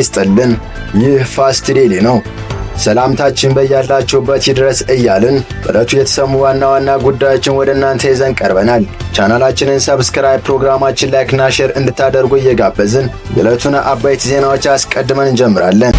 ይስጥልን። ይህ ፋስት ዴሊ ነው። ሰላምታችን በያላችሁበት ይድረስ እያልን በዕለቱ የተሰሙ ዋና ዋና ጉዳዮችን ወደ እናንተ ይዘን ቀርበናል። ቻናላችንን ሰብስክራይብ፣ ፕሮግራማችን ላይክና ሼር እንድታደርጉ እየጋበዝን የዕለቱን አበይት ዜናዎች አስቀድመን እንጀምራለን።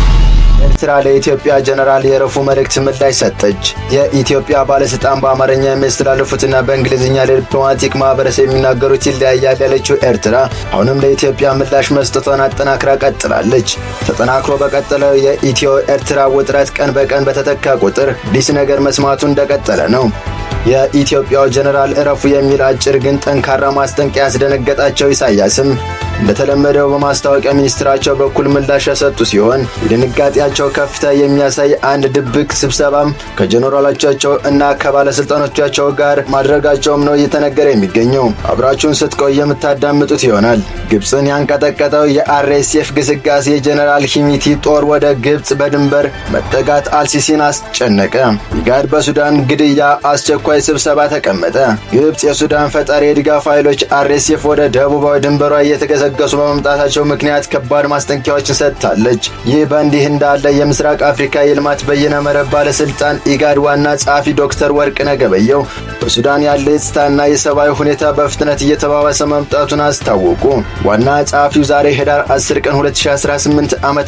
ኤርትራ ለኢትዮጵያ ጀነራል የረፉ መልእክት ምላሽ ሰጠች። የኢትዮጵያ ባለስልጣን በአማርኛ የሚያስተላልፉትና በእንግሊዝኛ ለዲፕሎማቲክ ማህበረሰብ የሚናገሩት ይለያያል ያለችው ኤርትራ አሁንም ለኢትዮጵያ ምላሽ መስጠቷን አጠናክራ ቀጥላለች። ተጠናክሮ በቀጠለው የኢትዮ ኤርትራ ውጥረት ቀን በቀን በተተካ ቁጥር አዲስ ነገር መስማቱ እንደቀጠለ ነው። የኢትዮጵያው ጀነራል እረፉ የሚል አጭር ግን ጠንካራ ማስጠንቀቂያ ያስደነገጣቸው ኢሳያስም እንደተለመደው በማስታወቂያ ሚኒስትራቸው በኩል ምላሽ የሰጡ ሲሆን የድንጋጤያቸው ከፍታ የሚያሳይ አንድ ድብቅ ስብሰባም ከጀኔራሎቻቸው እና ከባለስልጣኖቻቸው ጋር ማድረጋቸውም ነው እየተነገረ የሚገኘው። አብራችሁን ስትቆይ የምታዳምጡት ይሆናል። ግብፅን ያንቀጠቀጠው የአርኤስኤፍ ግስጋሴ የጀኔራል ሂሚቲ ጦር ወደ ግብፅ በድንበር መጠጋት አልሲሲን አስጨነቀ። ኢጋድ በሱዳን ግድያ አስቸኳይ ስብሰባ ተቀመጠ። ግብፅ የሱዳን ፈጣሪ የድጋፍ ኃይሎች አርኤስኤፍ ወደ ደቡባዊ ድንበሯ እየተገዘ ለገሱ በመምጣታቸው ምክንያት ከባድ ማስጠንቀቂያዎችን ሰጥታለች። ይህ በእንዲህ እንዳለ የምስራቅ አፍሪካ የልማት በይነ መረብ ባለስልጣን ኢጋድ ዋና ጸሐፊ ዶክተር ወርቅነህ ገበየሁ በሱዳን ያለ የጸጥታና የሰብአዊ ሁኔታ በፍጥነት እየተባባሰ መምጣቱን አስታወቁ። ዋና ጸሐፊው ዛሬ ህዳር 10 ቀን 2018 ዓ ም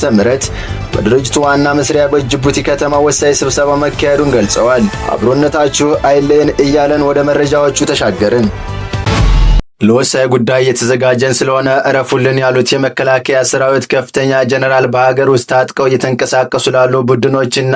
በድርጅቱ ዋና መስሪያ በጅቡቲ ከተማ ወሳኝ ስብሰባ መካሄዱን ገልጸዋል። አብሮነታችሁ አይለየን እያለን ወደ መረጃዎቹ ተሻገርን። ለወሳኝ ጉዳይ የተዘጋጀን ስለሆነ እረፉልን ያሉት የመከላከያ ሰራዊት ከፍተኛ ጀነራል በሀገር ውስጥ ታጥቀው እየተንቀሳቀሱ ላሉ ቡድኖችና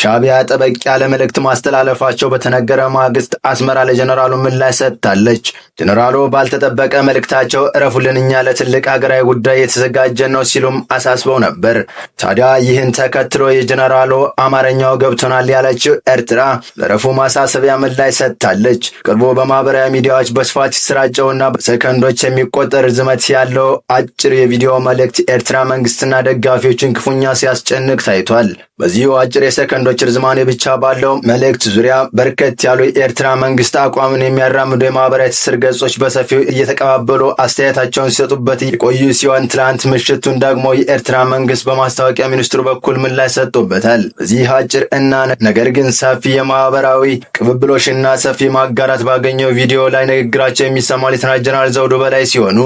ሻቢያ ጠበቅ ያለ መልእክት ማስተላለፋቸው በተነገረ ማግስት አስመራ ለጀነራሉ ምላሽ ሰጥታለች። ጀነራሉ ባልተጠበቀ መልእክታቸው እረፉልን፣ እኛ ለትልቅ ሀገራዊ ጉዳይ የተዘጋጀን ነው ሲሉም አሳስበው ነበር። ታዲያ ይህን ተከትሎ የጀነራሉ አማርኛው ገብቶናል ያለችው ኤርትራ ለእረፉ ማሳሰቢያ ምላሽ ሰጥታለች። ቅርቡ በማህበራዊ ሚዲያዎች በስፋት ይሰራጨውን በመቶና በሰከንዶች የሚቆጠር ርዝመት ያለው አጭር የቪዲዮ መልእክት ኤርትራ መንግስትና ደጋፊዎችን ክፉኛ ሲያስጨንቅ ታይቷል። በዚሁ አጭር የሰከንዶች ርዝማኔ ብቻ ባለው መልእክት ዙሪያ በርከት ያሉ የኤርትራ መንግስት አቋምን የሚያራምዱ የማህበራዊ ትስስር ገጾች በሰፊው እየተቀባበሉ አስተያየታቸውን ሲሰጡበት የቆዩ ሲሆን ትናንት ምሽቱን ደግሞ የኤርትራ መንግስት በማስታወቂያ ሚኒስትሩ በኩል ምላሽ ሰጥቶበታል። በዚህ አጭር እና ነገር ግን ሰፊ የማህበራዊ ቅብብሎሽና ሰፊ ማጋራት ባገኘው ቪዲዮ ላይ ንግግራቸው የሚሰማል። ከሌተናል ጀነራል ዘውዱ በላይ ሲሆኑ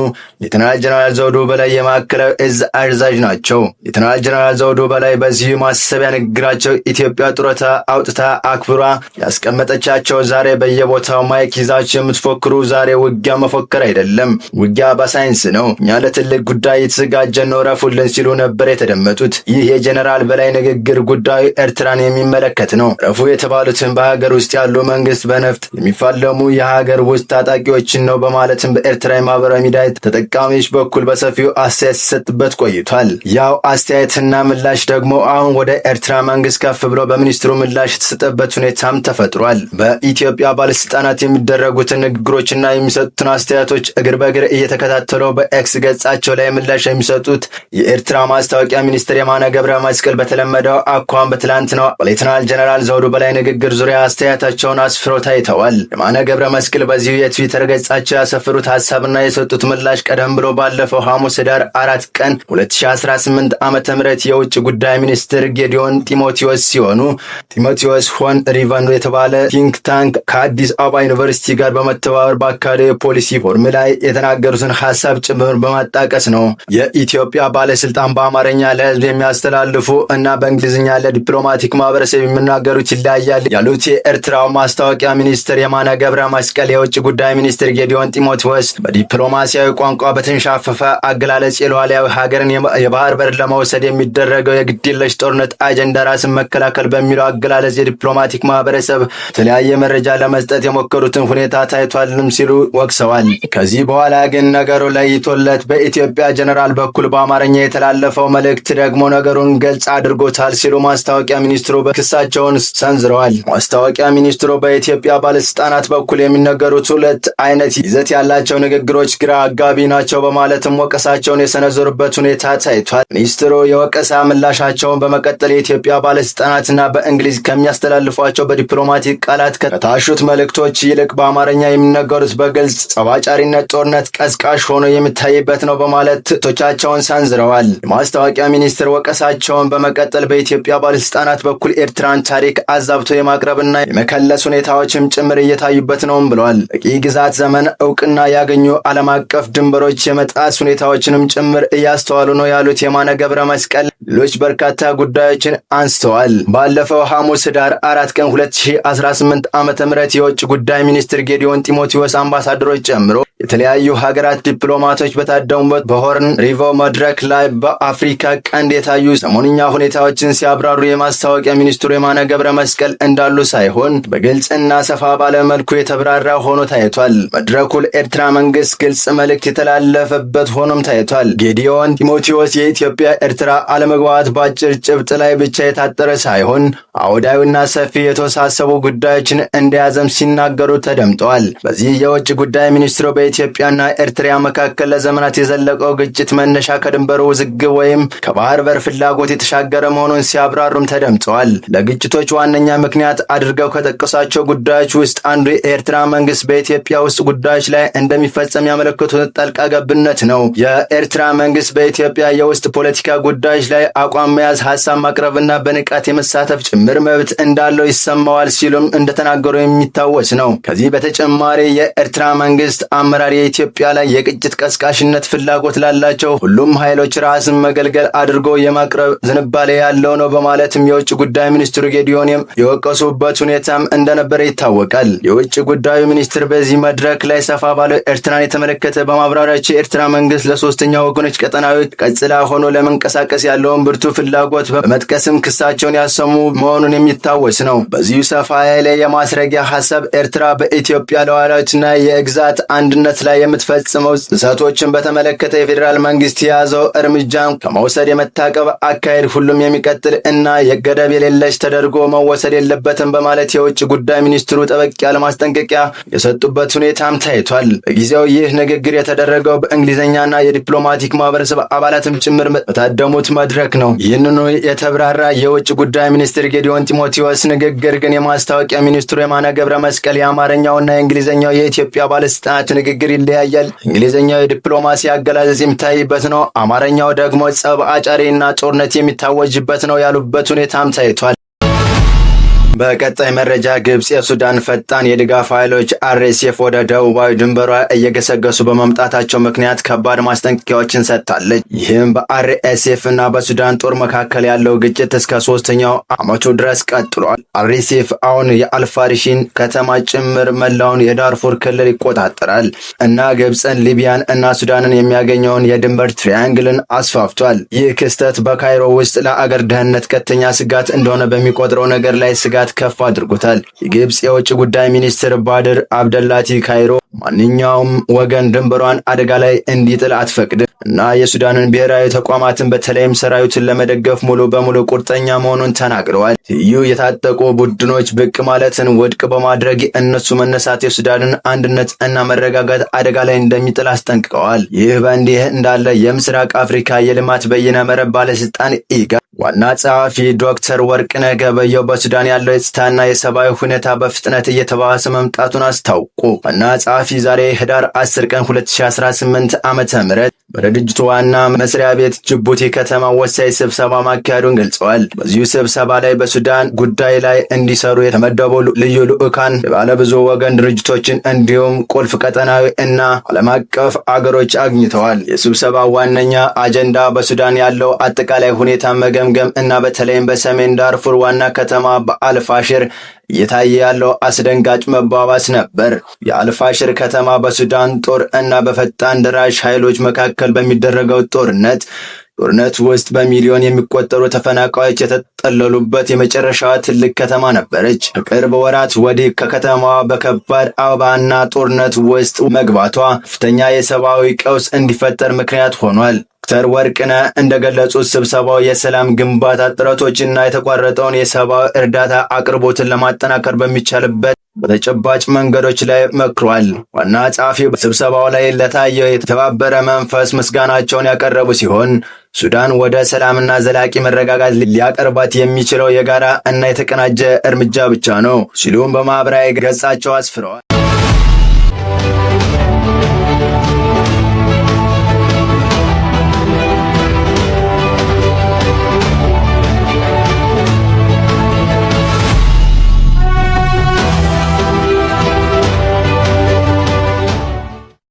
ሌተናል ጀነራል ዘውዱ በላይ የማዕከላዊ እዝ አዛዥ ናቸው። ሌተናል ጀነራል ዘውዱ በላይ በዚሁ ማሰቢያ ንግግራቸው ኢትዮጵያ ጡረታ አውጥታ አክብሯ ያስቀመጠቻቸው ዛሬ በየቦታው ማይክ ይዛቸው የምትፎክሩ ዛሬ ውጊያ መፎከር አይደለም፣ ውጊያ በሳይንስ ነው። እኛ ለትልቅ ጉዳይ የተዘጋጀን ነው፣ ረፉልን ሲሉ ነበር የተደመጡት። ይህ የጀነራል በላይ ንግግር ጉዳዩ ኤርትራን የሚመለከት ነው። ረፉ የተባሉትን በሀገር ውስጥ ያሉ መንግስት በነፍጥ የሚፋለሙ የሀገር ውስጥ ታጣቂዎችን ነው በማለት ማለትም በኤርትራ የማህበራዊ ሚዲያ ተጠቃሚዎች በኩል በሰፊው አስተያየት ሲሰጥበት ቆይቷል። ያው አስተያየትና ምላሽ ደግሞ አሁን ወደ ኤርትራ መንግስት ከፍ ብሎ በሚኒስትሩ ምላሽ የተሰጠበት ሁኔታም ተፈጥሯል። በኢትዮጵያ ባለስልጣናት የሚደረጉትን ንግግሮችና የሚሰጡትን አስተያየቶች እግር በእግር እየተከታተሉ በኤክስ ገጻቸው ላይ ምላሽ የሚሰጡት የኤርትራ ማስታወቂያ ሚኒስትር የማነ ገብረ መስቀል በተለመደው አኳም ነው በሌተናል ጀነራል ዘውዱ በላይ ንግግር ዙሪያ አስተያየታቸውን አስፍረው ታይተዋል። የማነ ገብረ መስቀል በዚሁ የትዊተር ገጻቸው ያሰፈሩት ሀሳብና የሰጡት ምላሽ ቀደም ብሎ ባለፈው ሐሙስ ህዳር አራት ቀን 2018 ዓ ም የውጭ ጉዳይ ሚኒስትር ጌዲዮን ጢሞቴዎስ ሲሆኑ ጢሞቴዎስ ሆን ሪቨን የተባለ ቲንክ ታንክ ከአዲስ አበባ ዩኒቨርሲቲ ጋር በመተባበር በአካዳ የፖሊሲ ፎርም ላይ የተናገሩትን ሀሳብ ጭምር በማጣቀስ ነው። የኢትዮጵያ ባለስልጣን በአማርኛ ለህዝብ የሚያስተላልፉ እና በእንግሊዝኛ ለዲፕሎማቲክ ማህበረሰብ የሚናገሩት ይለያያል ያሉት የኤርትራው ማስታወቂያ ሚኒስትር የማነ ገብረ መስቀል የውጭ ጉዳይ ሚኒስትር ጌዲዮን ጢሞቴዎስ በዲፕሎማሲያዊ ቋንቋ በተንሻፈፈ አገላለጽ የሉዓላዊ ሀገርን የባህር በር ለመውሰድ የሚደረገው የግድየለሽ ጦርነት አጀንዳ ራስን መከላከል በሚለው አገላለጽ የዲፕሎማቲክ ማህበረሰብ የተለያየ መረጃ ለመስጠት የሞከሩትን ሁኔታ ታይቷልም ሲሉ ወቅሰዋል። ከዚህ በኋላ ግን ነገሩ ለይቶለት በኢትዮጵያ ጀኔራል በኩል በአማርኛ የተላለፈው መልእክት ደግሞ ነገሩን ገልጽ አድርጎታል ሲሉ ማስታወቂያ ሚኒስትሩ ክሳቸውን ሰንዝረዋል። ማስታወቂያ ሚኒስትሩ በኢትዮጵያ ባለስልጣናት በኩል የሚነገሩት ሁለት አይነት ይዘት ያላቸው ንግግሮች ግራ አጋቢ ናቸው በማለትም ወቀሳቸውን የሰነዘሩበት ሁኔታ ታይቷል። ሚኒስትሩ የወቀሳ ምላሻቸውን በመቀጠል የኢትዮጵያ ባለስልጣናትና በእንግሊዝ ከሚያስተላልፏቸው በዲፕሎማቲክ ቃላት ከታሹት መልእክቶች ይልቅ በአማርኛ የሚነገሩት በግልጽ ጸባጫሪነት ጦርነት ቀዝቃሽ ሆኖ የሚታይበት ነው በማለት ትቶቻቸውን ሰንዝረዋል። የማስታወቂያ ሚኒስትር ወቀሳቸውን በመቀጠል በኢትዮጵያ ባለስልጣናት በኩል ኤርትራን ታሪክ አዛብቶ የማቅረብና የመከለስ ሁኔታዎችም ጭምር እየታዩበት ነውም ብለዋል። በቂ ግዛት ዘመን እውቅ እውቅና ያገኙ ዓለም አቀፍ ድንበሮች የመጣስ ሁኔታዎችንም ጭምር እያስተዋሉ ነው ያሉት የማነ ገብረ መስቀል ሌሎች በርካታ ጉዳዮችን አንስተዋል። ባለፈው ሐሙስ ህዳር አራት ቀን 2018 ዓ ም የውጭ ጉዳይ ሚኒስትር ጌዲዮን ጢሞቴዎስ አምባሳደሮች ጨምሮ የተለያዩ ሀገራት ዲፕሎማቶች በታደሙበት በሆርን ሪቮ መድረክ ላይ በአፍሪካ ቀንድ የታዩ ሰሞንኛ ሁኔታዎችን ሲያብራሩ የማስታወቂያ ሚኒስትሩ የማነ ገብረ መስቀል እንዳሉ ሳይሆን በግልጽና ሰፋ ባለመልኩ የተብራራ ሆኖ ታይቷል። መድረኩ የኤርትራ መንግስት ግልጽ መልእክት የተላለፈበት ሆኖም ታይቷል። ጌዲዮን ቲሞቴዎስ የኢትዮጵያ ኤርትራ አለመግባባት በአጭር ጭብጥ ላይ ብቻ የታጠረ ሳይሆን አውዳዊና ሰፊ የተወሳሰቡ ጉዳዮችን እንደያዘም ሲናገሩ ተደምጠዋል። በዚህ የውጭ ጉዳይ ሚኒስትሩ በኢትዮጵያና ኤርትራ መካከል ለዘመናት የዘለቀው ግጭት መነሻ ከድንበሩ ውዝግብ ወይም ከባህር በር ፍላጎት የተሻገረ መሆኑን ሲያብራሩም ተደምጠዋል። ለግጭቶች ዋነኛ ምክንያት አድርገው ከጠቀሷቸው ጉዳዮች ውስጥ አንዱ የኤርትራ መንግስት በኢትዮጵያ ውስጥ ጉዳዮች ላይ ላይ እንደሚፈጸም ያመለከቱት ጠልቃ ገብነት ነው። የኤርትራ መንግስት በኢትዮጵያ የውስጥ ፖለቲካ ጉዳዮች ላይ አቋም መያዝ፣ ሀሳብ ማቅረብና በንቃት የመሳተፍ ጭምር መብት እንዳለው ይሰማዋል ሲሉም እንደተናገሩ የሚታወስ ነው። ከዚህ በተጨማሪ የኤርትራ መንግስት አመራር የኢትዮጵያ ላይ የግጭት ቀስቃሽነት ፍላጎት ላላቸው ሁሉም ኃይሎች ራስን መገልገል አድርጎ የማቅረብ ዝንባሌ ያለው ነው በማለትም የውጭ ጉዳይ ሚኒስትሩ ጌዲዮንም የወቀሱበት ሁኔታም እንደነበረ ይታወቃል። የውጭ ጉዳዩ ሚኒስትር በዚህ መድረክ ላይ ሰፋ ባለ ኤርትራን የተመለከተ በማብራሪያቸው የኤርትራ መንግስት ለሶስተኛ ወገኖች ቀጠናዊ ቀጽላ ሆኖ ለመንቀሳቀስ ያለውን ብርቱ ፍላጎት በመጥቀስም ክሳቸውን ያሰሙ መሆኑን የሚታወስ ነው። በዚሁ ሰፋ ያለ የማስረጊያ ሀሳብ ኤርትራ በኢትዮጵያ ሉዓላዊነትና የግዛት አንድነት ላይ የምትፈጽመው ጥሰቶችን በተመለከተ የፌዴራል መንግስት የያዘው እርምጃን ከመውሰድ የመታቀብ አካሄድ ሁሉም የሚቀጥል እና የገደብ የሌለች ተደርጎ መወሰድ የለበትም በማለት የውጭ ጉዳይ ሚኒስትሩ ጠበቅ ያለ ማስጠንቀቂያ የሰጡበት ሁኔታም ታይቷል። ተናግረዋል። በጊዜው ይህ ንግግር የተደረገው በእንግሊዝኛና የዲፕሎማቲክ ማህበረሰብ አባላትም ጭምር በታደሙት መድረክ ነው። ይህንኑ የተብራራ የውጭ ጉዳይ ሚኒስትር ጌዲዮን ጢሞቴዎስ ንግግር ግን የማስታወቂያ ሚኒስትሩ የማነ ገብረ መስቀል የአማርኛውና የእንግሊዝኛው የኢትዮጵያ ባለስልጣናት ንግግር ይለያያል። እንግሊዝኛው የዲፕሎማሲ አገላለጽ የሚታይበት ነው። አማርኛው ደግሞ ጸብ አጫሪና ጦርነት የሚታወጅበት ነው ያሉበት ሁኔታም ታይቷል። በቀጣይ መረጃ ግብጽ የሱዳን ፈጣን የድጋፍ ኃይሎች አርኤስኤፍ ወደ ደቡባዊ ድንበሯ እየገሰገሱ በመምጣታቸው ምክንያት ከባድ ማስጠንቀቂያዎችን ሰጥታለች። ይህም በአርኤስኤፍ እና በሱዳን ጦር መካከል ያለው ግጭት እስከ ሶስተኛው ዓመቱ ድረስ ቀጥሏል። አርኤስኤፍ አሁን የአልፋሪሽን ከተማ ጭምር መላውን የዳርፉር ክልል ይቆጣጠራል እና ግብፅን፣ ሊቢያን እና ሱዳንን የሚያገኘውን የድንበር ትሪያንግልን አስፋፍቷል። ይህ ክስተት በካይሮ ውስጥ ለአገር ደህንነት ቀተኛ ስጋት እንደሆነ በሚቆጥረው ነገር ላይ ስጋት ከፍ አድርጎታል። የግብፅ የውጭ ጉዳይ ሚኒስትር ባድር አብደላቲ ካይሮ ማንኛውም ወገን ድንበሯን አደጋ ላይ እንዲጥል አትፈቅድ እና የሱዳንን ብሔራዊ ተቋማትን በተለይም ሰራዊትን ለመደገፍ ሙሉ በሙሉ ቁርጠኛ መሆኑን ተናግረዋል። ትይዩ የታጠቁ ቡድኖች ብቅ ማለትን ውድቅ በማድረግ እነሱ መነሳት የሱዳንን አንድነት እና መረጋጋት አደጋ ላይ እንደሚጥል አስጠንቅቀዋል። ይህ በእንዲህ እንዳለ የምስራቅ አፍሪካ የልማት በይነ መረብ ባለስልጣን ኢጋ ዋና ጸሐፊ ዶክተር ወርቅነህ ገበየሁ በሱዳን ያለው የጸጥታና የሰብአዊ ሁኔታ በፍጥነት እየተባባሰ መምጣቱን አስታውቁ ዋና ኃላፊ ዛሬ ህዳር 10 ቀን 2018 ዓ ም በድርጅቱ ዋና መስሪያ ቤት ጅቡቲ ከተማ ወሳኝ ስብሰባ ማካሄዱን ገልጸዋል። በዚሁ ስብሰባ ላይ በሱዳን ጉዳይ ላይ እንዲሰሩ የተመደቡ ልዩ ልዑካን የባለብዙ ወገን ድርጅቶችን እንዲሁም ቁልፍ ቀጠናዊ እና ዓለም አቀፍ አገሮች አግኝተዋል። የስብሰባ ዋነኛ አጀንዳ በሱዳን ያለው አጠቃላይ ሁኔታ መገምገም እና በተለይም በሰሜን ዳርፉር ዋና ከተማ በአልፋሽር እየታየ ያለው አስደንጋጭ መባባስ ነበር። የአልፋሽር ከተማ በሱዳን ጦር እና በፈጣን ደራሽ ኃይሎች መካከል መካከል በሚደረገው ጦርነት ጦርነት ውስጥ በሚሊዮን የሚቆጠሩ ተፈናቃዮች የተጠለሉበት የመጨረሻዋ ትልቅ ከተማ ነበረች። ከቅርብ ወራት ወዲህ ከከተማዋ በከባድ አበባና ጦርነት ውስጥ መግባቷ ከፍተኛ የሰብአዊ ቀውስ እንዲፈጠር ምክንያት ሆኗል። ዶክተር ወርቅነ እንደገለጹት ስብሰባው የሰላም ግንባታ ጥረቶችና የተቋረጠውን የሰብአዊ እርዳታ አቅርቦትን ለማጠናከር በሚቻልበት በተጨባጭ መንገዶች ላይ መክሯል። ዋና ጸሐፊው በስብሰባው ላይ ለታየው የተባበረ መንፈስ ምስጋናቸውን ያቀረቡ ሲሆን ሱዳን ወደ ሰላምና ዘላቂ መረጋጋት ሊያቀርባት የሚችለው የጋራ እና የተቀናጀ እርምጃ ብቻ ነው ሲሉም በማኅበራዊ ገጻቸው አስፍረዋል።